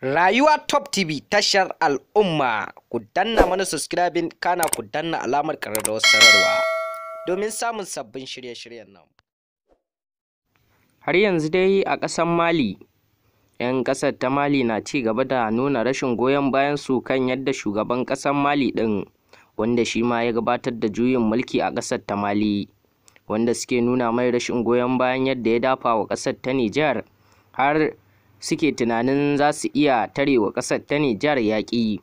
Rayuwa Top TV tashar al'umma ku danna mana subscribing kana ku danna alamar ƙararrawar sanarwa domin samun sabbin shirye-shiryen nan. Har yanzu dai a ƙasar Mali, 'yan ƙasar ta Mali na ci gaba da nuna rashin goyon bayan su kan yadda shugaban ƙasar Mali ɗin wanda shi ma ya gabatar da juyin mulki a ƙasar ta Mali, wanda suke nuna mai rashin goyon bayan yadda ya dafa wa ƙasar ta Nijar har suke tunanin za su iya tarewa ƙasar ta Nijar yaƙi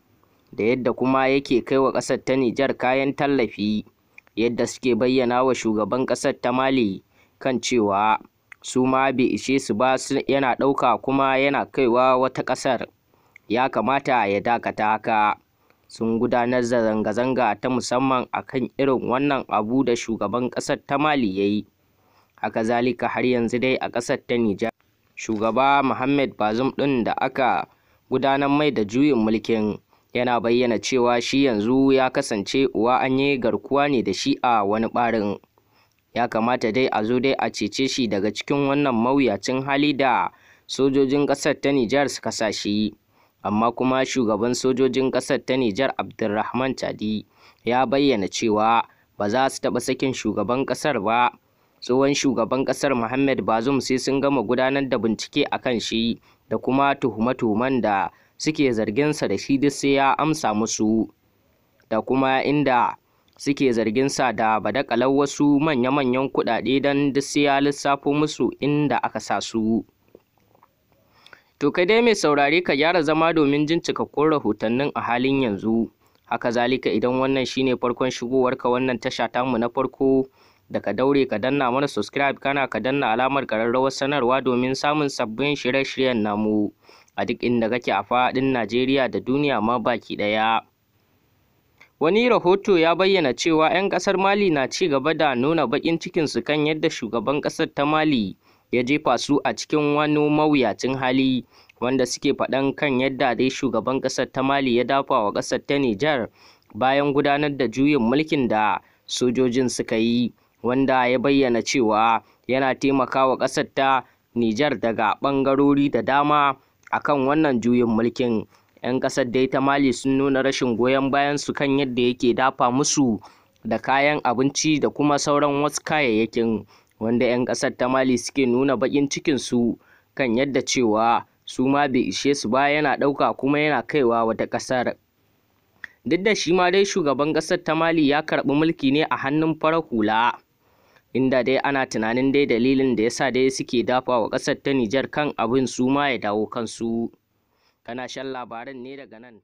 da yadda kuma yake kai wa ƙasar ta Nijar kayan tallafi yadda suke bayyana wa shugaban ƙasar ta Mali kan cewa su ma bai ishe su ba yana ɗauka kuma yana kaiwa wata ƙasar ya kamata ya dakata haka sun gudanar da zanga-zanga ta musamman akan irin wannan abu da shugaban ƙasar ta Mali ya yi haka zalika har yanzu dai a ƙasar ta Nijar shugaba Muhammad Bazoum ɗin da aka gudanar mai da juyin mulkin yana bayyana cewa shi yanzu ya kasance uwa an yi garkuwa ne da shi a wani barin, ya kamata dai a zo dai a cece shi daga cikin wannan mawuyacin hali da sojojin ƙasar ta Nijar suka sa shi amma kuma shugaban sojojin ƙasar ta Nijar Abdulrahman Tadi ya bayyana cewa ba za su taɓa sakin shugaban ƙasar ba tsohon shugaban ƙasar Muhammad Bazoum sai sun gama gudanar da bincike a kan shi da kuma tuhume-tuhumen da suke zarginsa da shi duk sai ya amsa musu da kuma inda suke zargin sa da badakalar wasu manya-manyan kuɗaɗe don duk sai ya lissafo musu inda aka sa su. To kai dai mai saurare ka gyara zama domin jin cikakkun rahotannin a halin yanzu. Haka zalika idan wannan shine farkon shigowarka wannan tasha mu na farko da ka daure ka danna mana subscribe kana ka danna alamar kararrawar sanarwa domin samun sabbin shirye-shiryen namu a duk inda kake a faɗin Najeriya da duniya ma baki ɗaya. Wani rahoto ya bayyana cewa 'yan ƙasar Mali na ci gaba da nuna baƙin cikinsu kan yadda shugaban ƙasar ta Mali ya jefa su a cikin wani mawuyacin hali wanda suke faɗan kan yadda dai shugaban ƙasar ta Mali ya dafa wa ƙasar ta Nijar bayan gudanar da juyin mulkin da sojojin suka yi. wanda ya bayyana cewa yana taimakawa ƙasar ta Nijar daga ɓangarori da dama akan wannan juyin mulkin. 'Yan ƙasar dai ta Mali sun nuna rashin goyon bayan su kan yadda yake dafa musu da kayan abinci da kuma sauran wasu kayayyakin wanda 'yan ƙasar ta Mali suke nuna baƙin cikin su kan yadda cewa su ma bai ishe su ba yana ɗauka kuma yana kaiwa wata ƙasar. Duk da shi ma dai shugaban ƙasar ta Mali ya karɓi mulki ne a hannun farar hula. inda dai ana tunanin dai dalilin da yasa dai suke dafa wa ƙasar ta Nijar kan abin su ma ya dawo kansu kana shan labaran ne daga nan